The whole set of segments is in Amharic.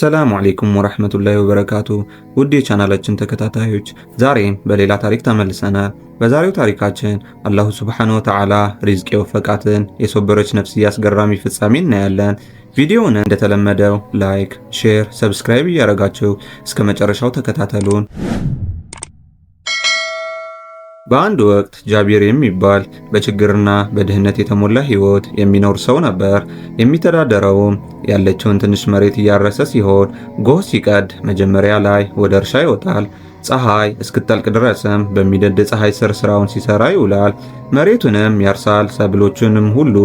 ሰላም አለይኩም ወራህመቱላሂ ወበረካቱ ውድ የቻናላችን ተከታታዮች ዛሬም በሌላ ታሪክ ተመልሰናል። በዛሬው ታሪካችን አላሁ ስብሓነ ወተዓላ ሪዝቅ የወፈቃትን የሰበረች ነፍስያ አስገራሚ ፍጻሜ እናያለን። ቪዲዮውን እንደተለመደው ላይክ፣ ሼር፣ ሰብስክራይብ እያደረጋችሁ እስከ መጨረሻው ተከታተሉን። በአንድ ወቅት ጃቢር የሚባል በችግርና በድህነት የተሞላ ህይወት የሚኖር ሰው ነበር። የሚተዳደረውም ያለችውን ትንሽ መሬት እያረሰ ሲሆን ጎህ ሲቀድ መጀመሪያ ላይ ወደ እርሻ ይወጣል። ፀሐይ እስክጠልቅ ድረስም በሚደድ ፀሐይ ስር ስራውን ሲሰራ ይውላል። መሬቱንም ያርሳል፣ ሰብሎቹንም ሁሉ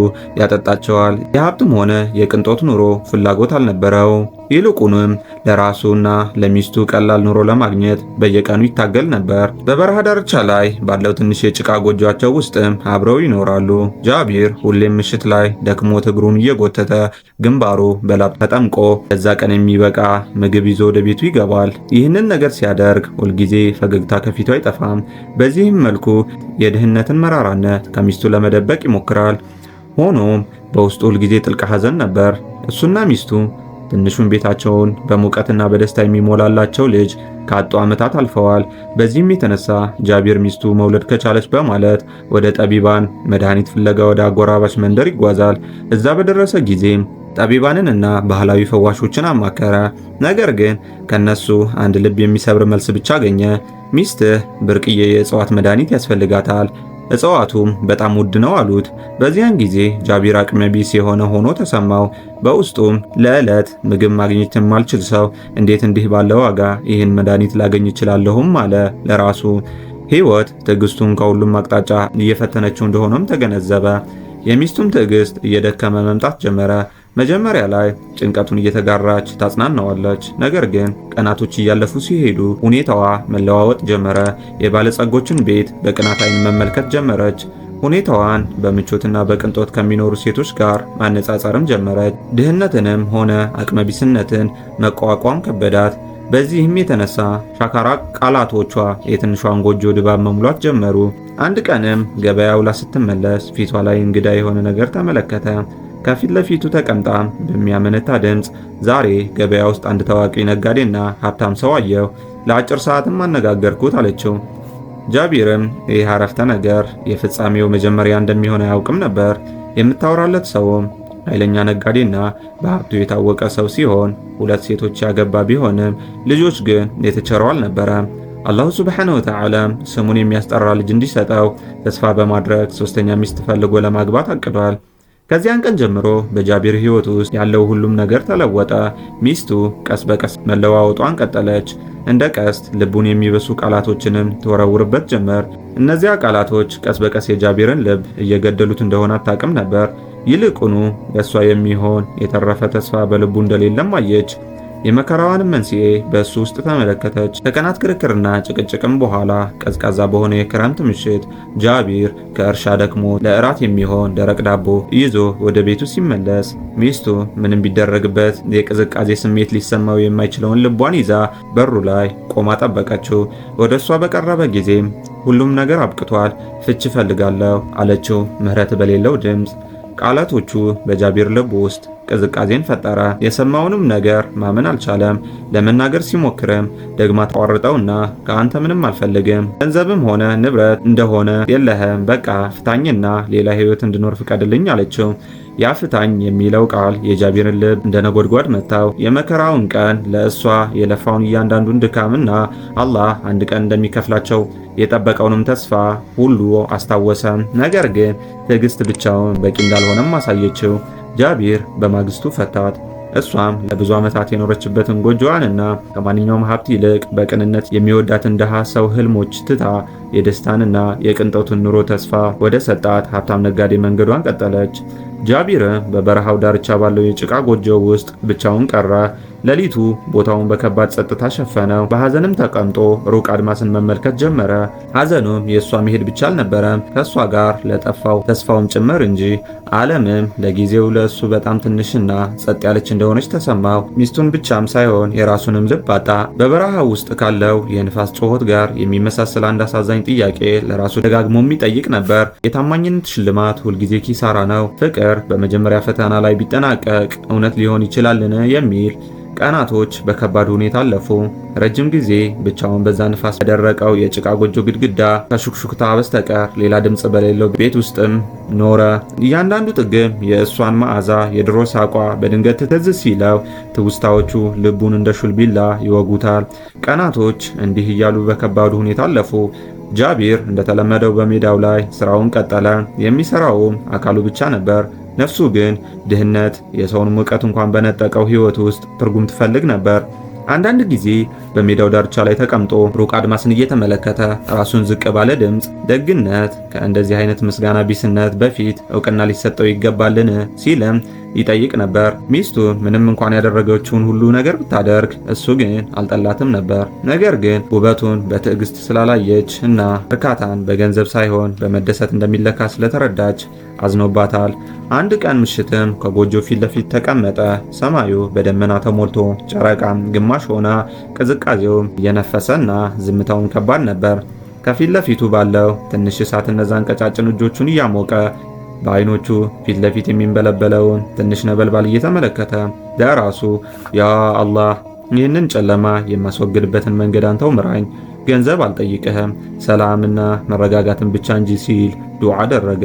ያጠጣቸዋል። የሀብትም ሆነ የቅንጦት ኑሮ ፍላጎት አልነበረው። ይልቁንም ለራሱና ለሚስቱ ቀላል ኑሮ ለማግኘት በየቀኑ ይታገል ነበር። በበረሃ ዳርቻ ላይ ባለው ትንሽ የጭቃ ጎጆቸው ውስጥም አብረው ይኖራሉ። ጃቢር ሁሌም ምሽት ላይ ደክሞት እግሩን እየጎተተ ግንባሩ በላብ ተጠምቆ ለዛ ቀን የሚበቃ ምግብ ይዞ ወደ ቤቱ ይገባል። ይህንን ነገር ሲያደርግ ሁልጊዜ ፈገግታ ከፊቱ አይጠፋም። በዚህም መልኩ የድህነትን መራራነት ከሚስቱ ለመደበቅ ይሞክራል። ሆኖም በውስጡ ሁልጊዜ ጥልቅ ሐዘን ነበር። እሱና ሚስቱ ትንሹን ቤታቸውን በሙቀትና በደስታ የሚሞላላቸው ልጅ ካጡ ዓመታት አልፈዋል። በዚህም የተነሳ ጃቢር ሚስቱ መውለድ ከቻለች በማለት ወደ ጠቢባን መድኃኒት ፍለጋ ወደ አጎራባች መንደር ይጓዛል። እዛ በደረሰ ጊዜም ጠቢባንንና ባህላዊ ፈዋሾችን አማከረ። ነገር ግን ከነሱ አንድ ልብ የሚሰብር መልስ ብቻ አገኘ። ሚስትህ ብርቅዬ የእጽዋት መድኃኒት ያስፈልጋታል እጽዋቱም በጣም ውድ ነው አሉት። በዚያን ጊዜ ጃቢር አቅመ ቢስ የሆነ ሆኖ ተሰማው። በውስጡም ለዕለት ምግብ ማግኘት የማልችል ሰው እንዴት እንዲህ ባለ ዋጋ ይህን መድኃኒት ላገኝ እችላለሁም አለ ለራሱ። ሕይወት ትዕግስቱን ከሁሉም አቅጣጫ እየፈተነችው እንደሆነም ተገነዘበ። የሚስቱም ትዕግስት እየደከመ መምጣት ጀመረ። መጀመሪያ ላይ ጭንቀቱን እየተጋራች ታጽናናዋለች። ነገር ግን ቀናቶች እያለፉ ሲሄዱ ሁኔታዋ መለዋወጥ ጀመረ። የባለጸጎችን ቤት በቅናት አይን መመልከት ጀመረች። ሁኔታዋን በምቾትና በቅንጦት ከሚኖሩ ሴቶች ጋር ማነጻጸርም ጀመረች። ድህነትንም ሆነ አቅመቢስነትን መቋቋም ከበዳት። በዚህም የተነሳ ሻካራ ቃላቶቿ የትንሿን ጎጆ ድባብ መሙላት ጀመሩ። አንድ ቀንም ገበያ ውላ ስትመለስ ፊቷ ላይ እንግዳ የሆነ ነገር ተመለከተ። ከፊት ለፊቱ ተቀምጣ በሚያመነታ ድምፅ ዛሬ ገበያ ውስጥ አንድ ታዋቂ ነጋዴና ሀብታም ሰው አየሁ፣ ለአጭር ሰዓትም አነጋገርኩት አለችው። ጃቢርም ይህ አረፍተ ነገር የፍጻሜው መጀመሪያ እንደሚሆን አያውቅም ነበር። የምታወራለት ሰውም ኃይለኛ ነጋዴና በሀብቱ የታወቀ ሰው ሲሆን ሁለት ሴቶች ያገባ ቢሆንም ልጆች ግን የተቸረው አልነበረም። አላሁ ስብሓነሁ ወተዓላ ስሙን የሚያስጠራ ልጅ እንዲሰጠው ተስፋ በማድረግ ሶስተኛ ሚስት ፈልጎ ለማግባት አቅዷል። ከዚያን ቀን ጀምሮ በጃቢር ህይወት ውስጥ ያለው ሁሉም ነገር ተለወጠ። ሚስቱ ቀስ በቀስ መለዋወጧን ቀጠለች። እንደ ቀስት ልቡን የሚበሱ ቃላቶችንም ትወረውርበት ጀመር። እነዚያ ቃላቶች ቀስ በቀስ የጃቢርን ልብ እየገደሉት እንደሆነ አታውቅም ነበር። ይልቁኑ ለእሷ የሚሆን የተረፈ ተስፋ በልቡ እንደሌለም አየች። የመከራዋንም መንስኤ በእሱ ውስጥ ተመለከተች። ከቀናት ክርክርና ጭቅጭቅም በኋላ ቀዝቃዛ በሆነ የክረምት ምሽት ጃቢር ከእርሻ ደክሞ ለእራት የሚሆን ደረቅ ዳቦ ይዞ ወደ ቤቱ ሲመለስ ሚስቱ ምንም ቢደረግበት የቅዝቃዜ ስሜት ሊሰማው የማይችለውን ልቧን ይዛ በሩ ላይ ቆማ ጠበቀችው። ወደ እሷ በቀረበ ጊዜም ሁሉም ነገር አብቅቷል፣ ፍች እፈልጋለሁ አለችው ምህረት በሌለው ድምፅ። ቃላቶቹ በጃቢር ልብ ውስጥ ቅዝቃዜን ፈጠረ። የሰማውንም ነገር ማመን አልቻለም። ለመናገር ሲሞክርም ደግማ ተቋርጠውና ከአንተ ምንም አልፈልግም፣ ገንዘብም ሆነ ንብረት እንደሆነ የለህም፣ በቃ ፍታኝና ሌላ ህይወት እንድኖር ፍቀድልኝ አለችው። ያፍታኝ የሚለው ቃል የጃቢርን ልብ እንደ ነጎድጓድ መታው። የመከራውን ቀን ለእሷ የለፋውን እያንዳንዱን ድካምና አላህ አንድ ቀን እንደሚከፍላቸው የጠበቀውንም ተስፋ ሁሉ አስታወሰ። ነገር ግን ትዕግስት ብቻውን በቂ እንዳልሆነም አሳየችው። ጃቢር በማግስቱ ፈታት። እሷም ለብዙ ዓመታት የኖረችበትን ጎጆዋንና ከማንኛውም ሀብት ይልቅ በቅንነት የሚወዳትን ድሃ ሰው ህልሞች ትታ የደስታንና የቅንጦትን ኑሮ ተስፋ ወደ ሰጣት ሀብታም ነጋዴ መንገዷን ቀጠለች። ጃቢረ በበረሃው ዳርቻ ባለው የጭቃ ጎጆው ውስጥ ብቻውን ቀረ። ሌሊቱ ቦታውን በከባድ ጸጥታ ሸፈነው። በሐዘንም ተቀምጦ ሩቅ አድማስን መመልከት ጀመረ። ሐዘኑም የእሷ መሄድ ብቻ አልነበረም ከእሷ ጋር ለጠፋው ተስፋውም ጭምር እንጂ። ዓለምም ለጊዜው ለእሱ በጣም ትንሽና ጸጥ ያለች እንደሆነች ተሰማው። ሚስቱን ብቻም ሳይሆን የራሱንም ልብ አጣ። በበረሃ ውስጥ ካለው የንፋስ ጩኸት ጋር የሚመሳሰል አንድ አሳዛኝ ጥያቄ ለራሱ ደጋግሞ የሚጠይቅ ነበር። የታማኝነት ሽልማት ሁልጊዜ ኪሳራ ነው። ፍቅር በመጀመሪያ ፈተና ላይ ቢጠናቀቅ እውነት ሊሆን ይችላልን? የሚል ቀናቶች በከባድ ሁኔታ አለፉ። ረጅም ጊዜ ብቻውን በዛ ንፋስ በደረቀው የጭቃ ጎጆ ግድግዳ ከሹክሹክታ በስተቀር ሌላ ድምፅ በሌለው ቤት ውስጥም ኖረ። እያንዳንዱ ጥግም የእሷን መዓዛ፣ የድሮ ሳቋ በድንገት ትዝ ሲለው ትውስታዎቹ ልቡን እንደ ሹልቢላ ቢላ ይወጉታል። ቀናቶች እንዲህ እያሉ በከባዱ ሁኔታ አለፉ። ጃቢር እንደተለመደው በሜዳው ላይ ስራውን ቀጠለ። የሚሰራውም አካሉ ብቻ ነበር። ነፍሱ ግን ድህነት የሰውን ሙቀት እንኳን በነጠቀው ሕይወት ውስጥ ትርጉም ትፈልግ ነበር። አንዳንድ ጊዜ በሜዳው ዳርቻ ላይ ተቀምጦ ሩቅ አድማስን እየተመለከተ ራሱን ዝቅ ባለ ድምፅ ደግነት ከእንደዚህ አይነት ምስጋና ቢስነት በፊት እውቅና ሊሰጠው ይገባልን ሲልም ይጠይቅ ነበር። ሚስቱ ምንም እንኳን ያደረገችውን ሁሉ ነገር ብታደርግ እሱ ግን አልጠላትም ነበር። ነገር ግን ውበቱን በትዕግስት ስላላየች እና እርካታን በገንዘብ ሳይሆን በመደሰት እንደሚለካ ስለተረዳች አዝኖባታል። አንድ ቀን ምሽትም ከጎጆ ፊት ለፊት ተቀመጠ። ሰማዩ በደመና ተሞልቶ ጨረቃም ግማሽ ሆና ቅዝቃ ቅዝቃዜውም እየነፈሰና ዝምታውን ከባድ ነበር። ከፊት ለፊቱ ባለው ትንሽ እሳት እነዛን ቀጫጭን እጆቹን እያሞቀ በአይኖቹ ፊት ለፊት የሚንበለበለውን ትንሽ ነበልባል እየተመለከተ ለራሱ ያ አላህ ይህንን ጨለማ የማስወግድበትን መንገድ አንተው ምራኝ፣ ገንዘብ አልጠይቅህም፣ ሰላምና መረጋጋትን ብቻ እንጂ ሲል ዱዓ አደረገ።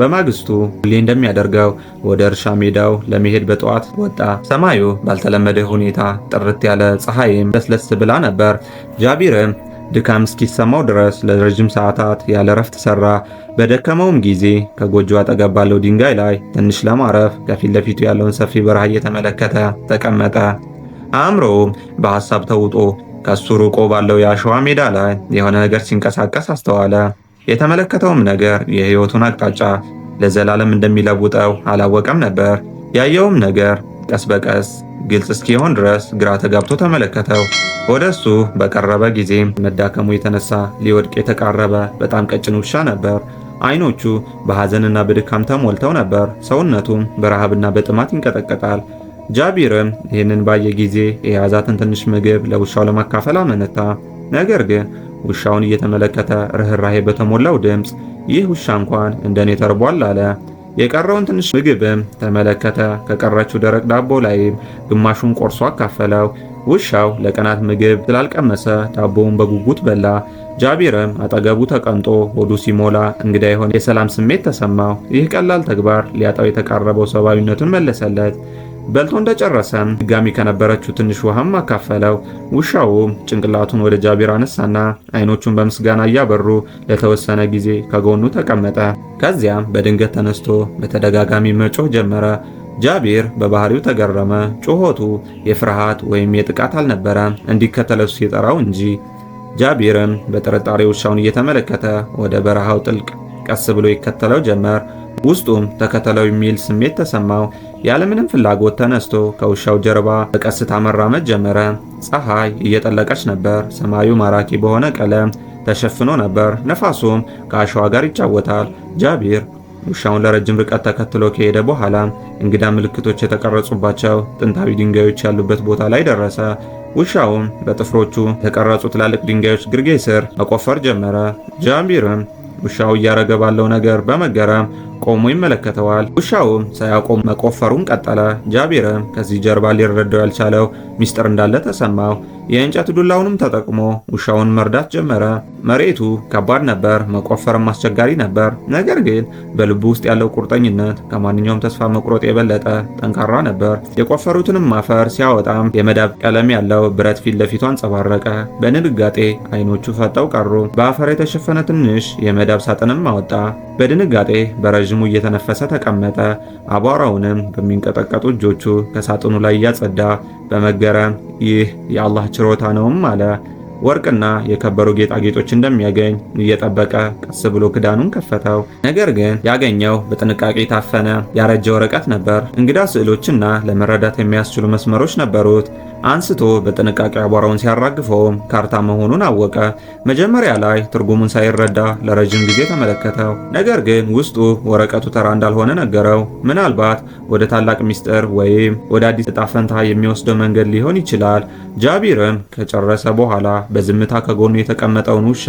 በማግስቱ ሁሌ እንደሚያደርገው ወደ እርሻ ሜዳው ለመሄድ በጠዋት ወጣ። ሰማዩ ባልተለመደ ሁኔታ ጥርት ያለ፣ ፀሐይም ለስለስ ብላ ነበር። ጃቢርም ድካም እስኪሰማው ድረስ ለረጅም ሰዓታት ያለ ረፍት ሰራ። በደከመውም ጊዜ ከጎጆ አጠገብ ባለው ድንጋይ ላይ ትንሽ ለማረፍ ከፊት ለፊቱ ያለውን ሰፊ በረሃ እየተመለከተ ተቀመጠ። አእምሮውም በሐሳብ ተውጦ ከሱ ርቆ ባለው የአሸዋ ሜዳ ላይ የሆነ ነገር ሲንቀሳቀስ አስተዋለ። የተመለከተውም ነገር የህይወቱን አቅጣጫ ለዘላለም እንደሚለውጠው አላወቀም ነበር። ያየውም ነገር ቀስ በቀስ ግልጽ እስኪሆን ድረስ ግራ ተጋብቶ ተመለከተው። ወደ እሱ በቀረበ ጊዜም መዳከሙ የተነሳ ሊወድቅ የተቃረበ በጣም ቀጭን ውሻ ነበር። አይኖቹ በሐዘንና በድካም ተሞልተው ነበር። ሰውነቱም በረሃብና በጥማት ይንቀጠቀጣል። ጃቢርም ይህንን ባየ ጊዜ የያዛትን ትንሽ ምግብ ለውሻው ለማካፈል አመነታ። ነገር ግን ውሻውን እየተመለከተ ርኅራሄ በተሞላው ድምፅ ይህ ውሻ እንኳን እንደኔ ተርቧል አለ። የቀረውን ትንሽ ምግብም ተመለከተ። ከቀረችው ደረቅ ዳቦ ላይም ግማሹን ቆርሶ አካፈለው። ውሻው ለቀናት ምግብ ስላልቀመሰ ዳቦውን በጉጉት በላ። ጃቢርም አጠገቡ ተቀምጦ ሆዱ ሲሞላ እንግዳ የሆነ የሰላም ስሜት ተሰማው። ይህ ቀላል ተግባር ሊያጣው የተቃረበው ሰብአዊነቱን መለሰለት። በልቶ እንደጨረሰ ድጋሚ ከነበረችው ትንሽ ውሃም አካፈለው። ውሻው ጭንቅላቱን ወደ ጃቢር አነሳና አይኖቹን በምስጋና እያበሩ ለተወሰነ ጊዜ ከጎኑ ተቀመጠ። ከዚያም በድንገት ተነስቶ በተደጋጋሚ መጮህ ጀመረ። ጃቢር በባህሪው ተገረመ። ጩኸቱ የፍርሃት ወይም የጥቃት አልነበረ እንዲከተለው ሲጠራው እንጂ። ጃቢርም በጥርጣሬ ውሻውን እየተመለከተ ወደ በረሃው ጥልቅ ቀስ ብሎ ይከተለው ጀመር። ውስጡም ተከተለው የሚል ስሜት ተሰማው። ያለምንም ፍላጎት ተነስቶ ከውሻው ጀርባ በቀስታ መራመድ ጀመረ። ፀሐይ እየጠለቀች ነበር። ሰማዩ ማራኪ በሆነ ቀለም ተሸፍኖ ነበር። ነፋሱም ከአሸዋ ጋር ይጫወታል። ጃቢር ውሻውን ለረጅም ርቀት ተከትሎ ከሄደ በኋላ እንግዳ ምልክቶች የተቀረጹባቸው ጥንታዊ ድንጋዮች ያሉበት ቦታ ላይ ደረሰ። ውሻውም በጥፍሮቹ የተቀረጹ ትላልቅ ድንጋዮች ግርጌ ስር መቆፈር ጀመረ። ጃቢርም ውሻው እያረገ ባለው ነገር በመገረም ቆሞ ይመለከተዋል። ውሻውም ሳያቆም መቆፈሩን ቀጠለ። ጃቢርም ከዚህ ጀርባ ሊረዳው ያልቻለው ሚስጥር እንዳለ ተሰማው። የእንጨት ዱላውንም ተጠቅሞ ውሻውን መርዳት ጀመረ። መሬቱ ከባድ ነበር፣ መቆፈርም አስቸጋሪ ነበር። ነገር ግን በልቡ ውስጥ ያለው ቁርጠኝነት ከማንኛውም ተስፋ መቁረጥ የበለጠ ጠንካራ ነበር። የቆፈሩትንም አፈር ሲያወጣም የመዳብ ቀለም ያለው ብረት ፊት ለፊቱ አንጸባረቀ። በድንጋጤ አይኖቹ ፈጠው ቀሩ። በአፈር የተሸፈነ ትንሽ የመዳብ ሳጥንም አወጣ። በድንጋጤ በረዥም ረዥሙ እየተነፈሰ ተቀመጠ። አቧራውንም በሚንቀጠቀጡ እጆቹ ከሳጥኑ ላይ እያጸዳ በመገረም ይህ የአላህ ችሮታ ነውም አለ። ወርቅና የከበሩ ጌጣጌጦች እንደሚያገኝ እየጠበቀ ቀስ ብሎ ክዳኑን ከፈተው። ነገር ግን ያገኘው በጥንቃቄ የታፈነ ያረጀ ወረቀት ነበር። እንግዳ ስዕሎችና ለመረዳት የሚያስችሉ መስመሮች ነበሩት። አንስቶ በጥንቃቄ አቧራውን ሲያራግፈውም ካርታ መሆኑን አወቀ። መጀመሪያ ላይ ትርጉሙን ሳይረዳ ለረጅም ጊዜ ተመለከተው። ነገር ግን ውስጡ ወረቀቱ ተራ እንዳልሆነ ነገረው። ምናልባት ወደ ታላቅ ሚስጥር ወይም ወደ አዲስ እጣ ፈንታ የሚወስደው መንገድ ሊሆን ይችላል። ጃቢርም ከጨረሰ በኋላ በዝምታ ከጎኑ የተቀመጠውን ውሻ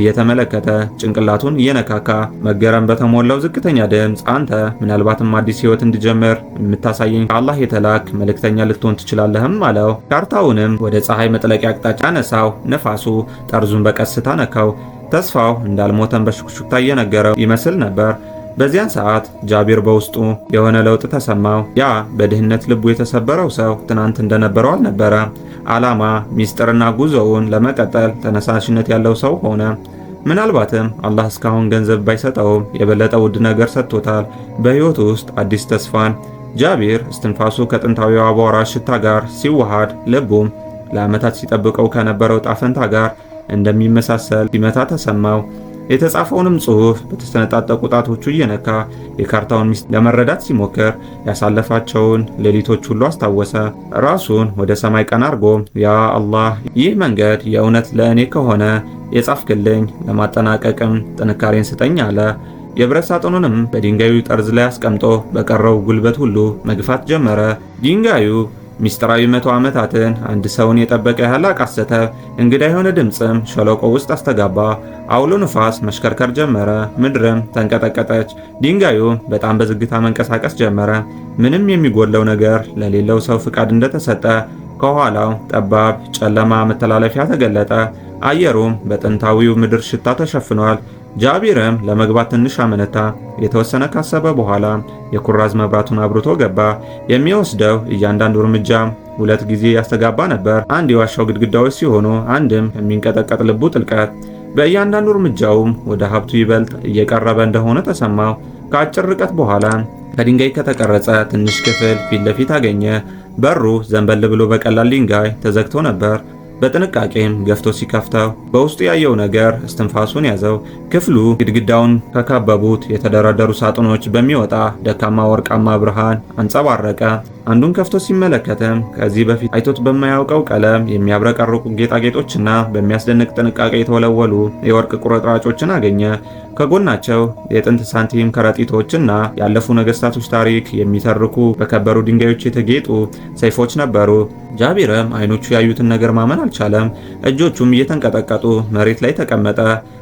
እየተመለከተ ጭንቅላቱን እየነካካ መገረም በተሞላው ዝቅተኛ ድምፅ አንተ ምናልባትም አዲስ ህይወት እንድጀምር የምታሳየኝ ከአላህ የተላክ መልእክተኛ ልትሆን ትችላለህም አለው። አነሳው። ካርታውንም ወደ ፀሐይ መጥለቂያ አቅጣጫ አነሳው። ነፋሱ ጠርዙን በቀስታ ነካው። ተስፋው እንዳልሞተን በሹክሹክታ እየነገረው ይመስል ነበር። በዚያን ሰዓት ጃቢር በውስጡ የሆነ ለውጥ ተሰማው። ያ በድህነት ልቡ የተሰበረው ሰው ትናንት እንደነበረው አልነበረ። ዓላማ፣ ሚስጥርና ጉዞውን ለመቀጠል ተነሳሽነት ያለው ሰው ሆነ። ምናልባትም አላህ እስካሁን ገንዘብ ባይሰጠውም የበለጠ ውድ ነገር ሰጥቶታል፣ በሕይወቱ ውስጥ አዲስ ተስፋን ጃቢር እስትንፋሱ ከጥንታዊ አቧራ ሽታ ጋር ሲዋሃድ ልቡም ለዓመታት ሲጠብቀው ከነበረው ጣፈንታ ጋር እንደሚመሳሰል ሲመታ ተሰማው። የተጻፈውንም ጽሑፍ በተሰነጣጠቁ ጣቶቹ እየነካ የካርታውን ሚስት ለመረዳት ሲሞክር ያሳለፋቸውን ሌሊቶች ሁሉ አስታወሰ። ራሱን ወደ ሰማይ ቀና አርጎ ያ አላህ፣ ይህ መንገድ የእውነት ለእኔ ከሆነ የጻፍክልኝ፣ ለማጠናቀቅም ጥንካሬን ስጠኝ አለ። የብረት ሳጥኑንም በድንጋዩ ጠርዝ ላይ አስቀምጦ በቀረው ጉልበት ሁሉ መግፋት ጀመረ። ድንጋዩ ሚስጥራዊ መቶ ዓመታትን አንድ ሰውን የጠበቀ ያህል አቃሰተ። እንግዳ የሆነ ድምፅም ሸለቆ ውስጥ አስተጋባ። አውሎ ንፋስ መሽከርከር ጀመረ። ምድርም ተንቀጠቀጠች። ድንጋዩ በጣም በዝግታ መንቀሳቀስ ጀመረ። ምንም የሚጎለው ነገር ለሌለው ሰው ፍቃድ እንደተሰጠ ከኋላው ጠባብ ጨለማ መተላለፊያ ተገለጠ። አየሩም በጥንታዊው ምድር ሽታ ተሸፍኗል። ጃቢርም ለመግባት ትንሽ አመነታ። የተወሰነ ካሰበ በኋላ የኩራዝ መብራቱን አብርቶ ገባ። የሚወስደው እያንዳንዱ እርምጃ ሁለት ጊዜ ያስተጋባ ነበር። አንድ የዋሻው ግድግዳዎች ሲሆኑ፣ አንድም የሚንቀጠቀጥ ልቡ ጥልቀት። በእያንዳንዱ እርምጃውም ወደ ሀብቱ ይበልጥ እየቀረበ እንደሆነ ተሰማው። ከአጭር ርቀት በኋላ ከድንጋይ ከተቀረጸ ትንሽ ክፍል ፊት ለፊት አገኘ። በሩ ዘንበል ብሎ በቀላል ድንጋይ ተዘግቶ ነበር። በጥንቃቄም ገፍቶ ሲከፍተው በውስጡ ያየው ነገር እስትንፋሱን ያዘው። ክፍሉ ግድግዳውን ከከበቡት የተደረደሩ ሳጥኖች በሚወጣ ደካማ ወርቃማ ብርሃን አንጸባረቀ። አንዱን ከፍቶ ሲመለከትም ከዚህ በፊት አይቶት በማያውቀው ቀለም የሚያብረቀርቁ ጌጣጌጦችና በሚያስደንቅ ጥንቃቄ የተወለወሉ የወርቅ ቁርጥራጮችን አገኘ። ከጎናቸው የጥንት ሳንቲም ከረጢቶችና ያለፉ ነገስታቶች ታሪክ የሚተርኩ በከበሩ ድንጋዮች የተጌጡ ሰይፎች ነበሩ። ጃቢርም አይኖቹ ያዩትን ነገር ማመን አልቻለም። እጆቹም እየተንቀጠቀጡ መሬት ላይ ተቀመጠ።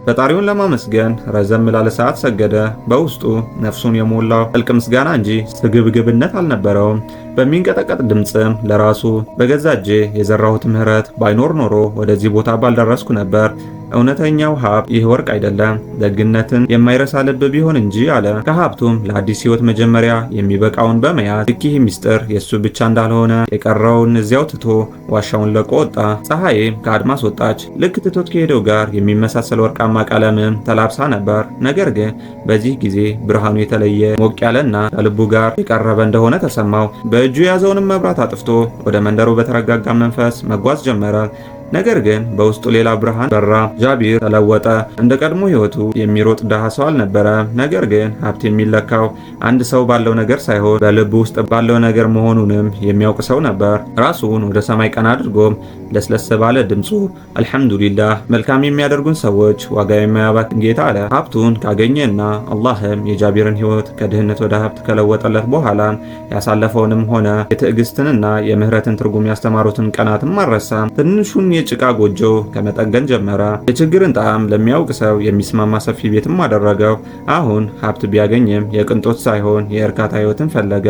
ፈጣሪውን ለማመስገን ረዘም ላለ ሰዓት ሰገደ። በውስጡ ነፍሱን የሞላው ጥልቅ ምስጋና እንጂ ስግብግብነት አልነበረውም። በሚንቀጠቀጥ ድምፅም ለራሱ በገዛ እጄ የዘራሁት ምሕረት ባይኖር ኖሮ ወደዚህ ቦታ ባልደረስኩ ነበር እውነተኛው ሀብት ይህ ወርቅ አይደለም፣ ደግነትን የማይረሳ ልብ ቢሆን እንጂ አለ። ከሀብቱም ለአዲስ ህይወት መጀመሪያ የሚበቃውን በመያዝ ልኪህ ሚስጥር የእሱ ብቻ እንዳልሆነ የቀረውን እዚያው ትቶ ዋሻውን ለቆ ወጣ። ፀሐይም ከአድማስ ወጣች። ልክ ትቶት ከሄደው ጋር የሚመሳሰል ወርቃማ ቀለምም ተላብሳ ነበር። ነገር ግን በዚህ ጊዜ ብርሃኑ የተለየ ሞቅ ያለና ከልቡ ጋር የቀረበ እንደሆነ ተሰማው። በእጁ የያዘውንም መብራት አጥፍቶ ወደ መንደሩ በተረጋጋ መንፈስ መጓዝ ጀመረ። ነገር ግን በውስጡ ሌላ ብርሃን በራ። ጃቢር ተለወጠ። እንደ ቀድሞ ህይወቱ የሚሮጥ ድሃ ሰው አልነበረ። ነገር ግን ሀብት የሚለካው አንድ ሰው ባለው ነገር ሳይሆን በልብ ውስጥ ባለው ነገር መሆኑንም የሚያውቅ ሰው ነበር። ራሱን ወደ ሰማይ ቀና አድርጎም ለስለስ ባለ ድምፁ አልሐምዱሊላህ መልካም የሚያደርጉን ሰዎች ዋጋ የማያባክን ጌታ አለ። ሀብቱን ካገኘና አላህም የጃቢርን ህይወት ከድህነት ወደ ሀብት ከለወጠለት በኋላ ያሳለፈውንም ሆነ የትዕግስትንና የምህረትን ትርጉም ያስተማሩትን ቀናትም አልረሳም። ትንሹን ጭቃ ጎጆ ከመጠገን ጀመረ። የችግርን ጣዕም ለሚያውቅ ሰው የሚስማማ ሰፊ ቤትም አደረገው። አሁን ሀብት ቢያገኝም የቅንጦት ሳይሆን የእርካታ ህይወትን ፈለገ።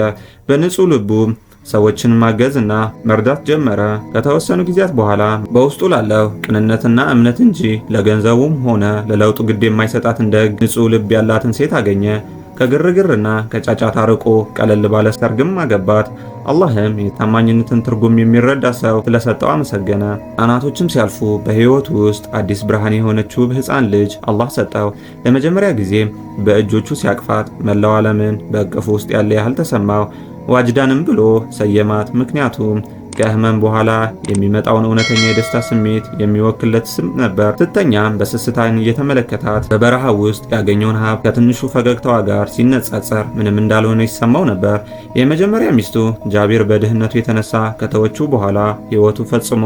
በንጹህ ልቡም ሰዎችን ማገዝና መርዳት ጀመረ። ከተወሰኑ ጊዜያት በኋላ በውስጡ ላለው ቅንነትና እምነት እንጂ ለገንዘቡም ሆነ ለለውጡ ግድ የማይሰጣት ደግ ንጹህ ልብ ያላትን ሴት አገኘ። ከግርግርና ከጫጫታ ርቆ ቀለል ባለ ሰርግም አገባት። አላህም የታማኝነትን ትርጉም የሚረዳ ሰው ስለሰጠው አመሰገነ። አናቶችም ሲያልፉ በህይወት ውስጥ አዲስ ብርሃን የሆነችው ህፃን ልጅ አላህ ሰጠው። ለመጀመሪያ ጊዜ በእጆቹ ሲያቅፋት መላው ዓለምን በእቅፉ ውስጥ ያለ ያህል ተሰማው። ዋጅዳንም ብሎ ሰየማት። ምክንያቱም ከህመም በኋላ የሚመጣውን እውነተኛ የደስታ ስሜት የሚወክለት ስም ነበር። ስተኛም በስስታን እየተመለከታት በበረሃ ውስጥ ያገኘውን ሀብት ከትንሹ ፈገግታዋ ጋር ሲነጻጸር ምንም እንዳልሆነ ይሰማው ነበር። የመጀመሪያ ሚስቱ ጃቢር በድህነቱ የተነሳ ከተወቹ በኋላ ህይወቱ ፈጽሞ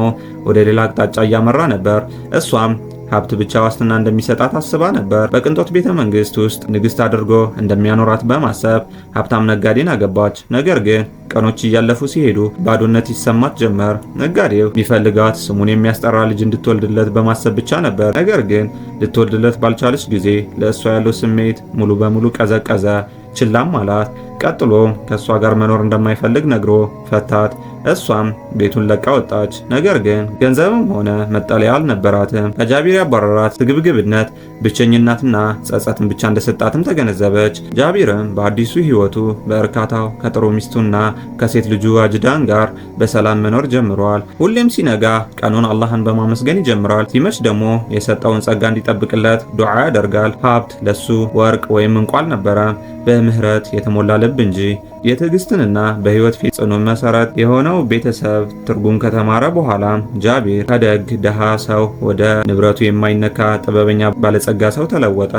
ወደ ሌላ አቅጣጫ እያመራ ነበር። እሷም ሀብት ብቻ ዋስትና እንደሚሰጣት አስባ ነበር። በቅንጦት ቤተ መንግስት ውስጥ ንግስት አድርጎ እንደሚያኖራት በማሰብ ሀብታም ነጋዴን አገባች። ነገር ግን ቀኖች እያለፉ ሲሄዱ ባዶነት ይሰማት ጀመር። ነጋዴው ቢፈልጋት ስሙን የሚያስጠራ ልጅ እንድትወልድለት በማሰብ ብቻ ነበር። ነገር ግን ልትወልድለት ባልቻለች ጊዜ ለእሷ ያለው ስሜት ሙሉ በሙሉ ቀዘቀዘ። ችላም አላት። ቀጥሎም ከእሷ ጋር መኖር እንደማይፈልግ ነግሮ ፈታት። እሷም ቤቱን ለቃ ወጣች። ነገር ግን ገንዘብም ሆነ መጠለያ አልነበራትም። ከጃቢር ያባረራት ስግብግብነት፣ ብቸኝነትና ጸጸትን ብቻ እንደሰጣትም ተገነዘበች። ጃቢርም በአዲሱ ህይወቱ በእርካታው ከጥሩ ሚስቱና ከሴት ልጁ አጅዳን ጋር በሰላም መኖር ጀምሯል። ሁሌም ሲነጋ ቀኑን አላህን በማመስገን ይጀምራል። ሲመሽ ደግሞ የሰጠውን ጸጋ እንዲጠብቅለት ዱዓ ያደርጋል። ሀብት ለሱ ወርቅ ወይም እንቁ አልነበረም፣ በምህረት የተሞላ ልብ እንጂ። የትዕግስትንና በህይወት ፊት መሰረት የሆነው ቤተሰብ ትርጉም ከተማረ በኋላ ጃቢር ከደግ ደሃ ሰው ወደ ንብረቱ የማይነካ ጥበበኛ ባለጸጋ ሰው ተለወጠ።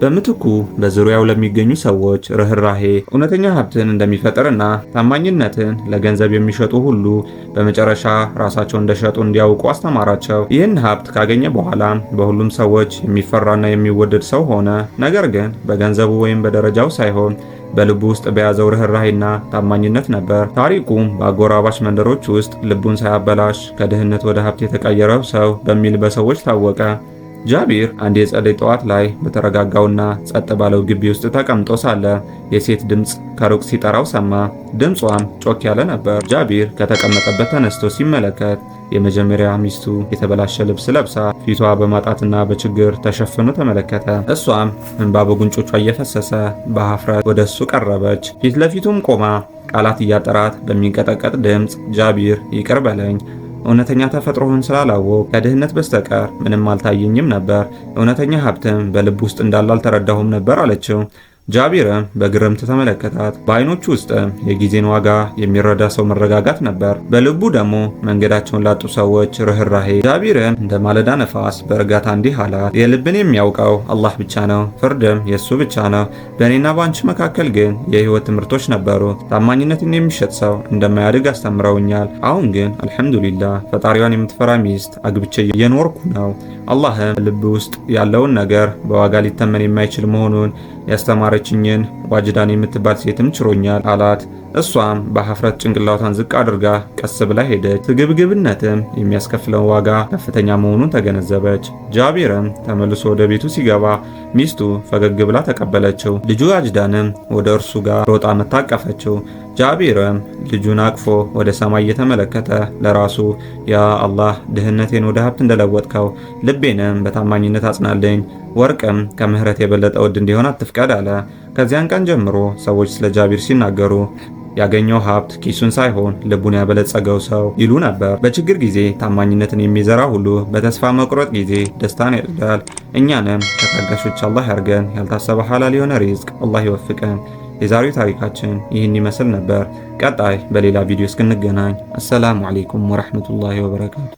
በምትኩ በዙሪያው ለሚገኙ ሰዎች ርኅራሄ እውነተኛ ሀብትን እንደሚፈጥርና ታማኝነትን ለገንዘብ የሚሸጡ ሁሉ በመጨረሻ ራሳቸው እንደሸጡ እንዲያውቁ አስተማራቸው። ይህን ሀብት ካገኘ በኋላም በሁሉም ሰዎች የሚፈራና የሚወደድ ሰው ሆነ። ነገር ግን በገንዘቡ ወይም በደረጃው ሳይሆን በልቡ ውስጥ በያዘው ርኅራሄና ታማኝነት ነበር። ታሪኩም በአጎራባች መንደሮች ውስጥ ልቡን ሳያበላሽ ከድህነት ወደ ሀብት የተቀየረው ሰው በሚል በሰዎች ታወቀ። ጃቢር አንድ የጸደይ ጠዋት ላይ በተረጋጋውና ጸጥ ባለው ግቢ ውስጥ ተቀምጦ ሳለ የሴት ድምፅ ከሩቅ ሲጠራው ሰማ። ድምጿም ጮክ ያለ ነበር። ጃቢር ከተቀመጠበት ተነስቶ ሲመለከት የመጀመሪያ ሚስቱ የተበላሸ ልብስ ለብሳ ፊቷ በማጣትና በችግር ተሸፍኖ ተመለከተ። እሷም እንባ በጉንጮቿ እየፈሰሰ በሀፍረት ወደ እሱ ቀረበች። ፊት ለፊቱም ቆማ ቃላት እያጠራት በሚንቀጠቀጥ ድምፅ ጃቢር ይቅር በለኝ እውነተኛ ተፈጥሮህን ስላላወቅ ከድህነት በስተቀር ምንም አልታየኝም ነበር፣ እውነተኛ ሀብትም በልብ ውስጥ እንዳለ አልተረዳሁም ነበር አለችው። ጃቢርም በግርምት ተመለከታት። በአይኖቹ ውስጥም የጊዜን ዋጋ የሚረዳ ሰው መረጋጋት ነበር፣ በልቡ ደግሞ መንገዳቸውን ላጡ ሰዎች ርኅራሄ። ጃቢርም እንደ ማለዳ ነፋስ በእርጋታ እንዲህ አላት፣ የልብን የሚያውቀው አላህ ብቻ ነው፣ ፍርድም የእሱ ብቻ ነው። በእኔና በአንቺ መካከል ግን የህይወት ትምህርቶች ነበሩ። ታማኝነትን የሚሸጥ ሰው እንደማያድግ አስተምረውኛል። አሁን ግን አልሐምዱሊላህ ፈጣሪዋን የምትፈራ ሚስት አግብቼ እየኖርኩ ነው። አላህም ልብ ውስጥ ያለውን ነገር በዋጋ ሊተመን የማይችል መሆኑን ያስተማረችኝን ዋጅዳን የምትባል ሴትም ችሮኛል አላት። እሷም በሀፍረት ጭንቅላቷን ዝቅ አድርጋ ቀስ ብላ ሄደች። ትግብግብነትም የሚያስከፍለውን ዋጋ ከፍተኛ መሆኑን ተገነዘበች። ጃቢርም ተመልሶ ወደ ቤቱ ሲገባ ሚስቱ ፈገግ ብላ ተቀበለችው። ልጁ አጅዳንም ወደ እርሱ ጋር ሮጣ መታቀፈችው። ጃቢርም ልጁን አቅፎ ወደ ሰማይ እየተመለከተ ለራሱ ያ አላህ ድህነቴን ወደ ሀብት እንደለወጥከው ልቤንም በታማኝነት አጽናለኝ ወርቅም ከምህረት የበለጠ ውድ እንዲሆን አትፍቀድ አለ። ከዚያን ቀን ጀምሮ ሰዎች ስለ ጃቢር ሲናገሩ ያገኘው ሀብት ኪሱን ሳይሆን ልቡን ያበለጸገው ሰው ይሉ ነበር። በችግር ጊዜ ታማኝነትን የሚዘራ ሁሉ በተስፋ መቁረጥ ጊዜ ደስታን ያጭዳል። እኛንም ከታጋሾች አላህ ያርገን። ያልታሰበ ሀላል የሆነ ሪዝቅ አላህ ይወፍቀን። የዛሬው ታሪካችን ይህን ይመስል ነበር። ቀጣይ በሌላ ቪዲዮ እስክንገናኝ አሰላሙ አሌይኩም ወረህመቱላሂ ወበረካቱ።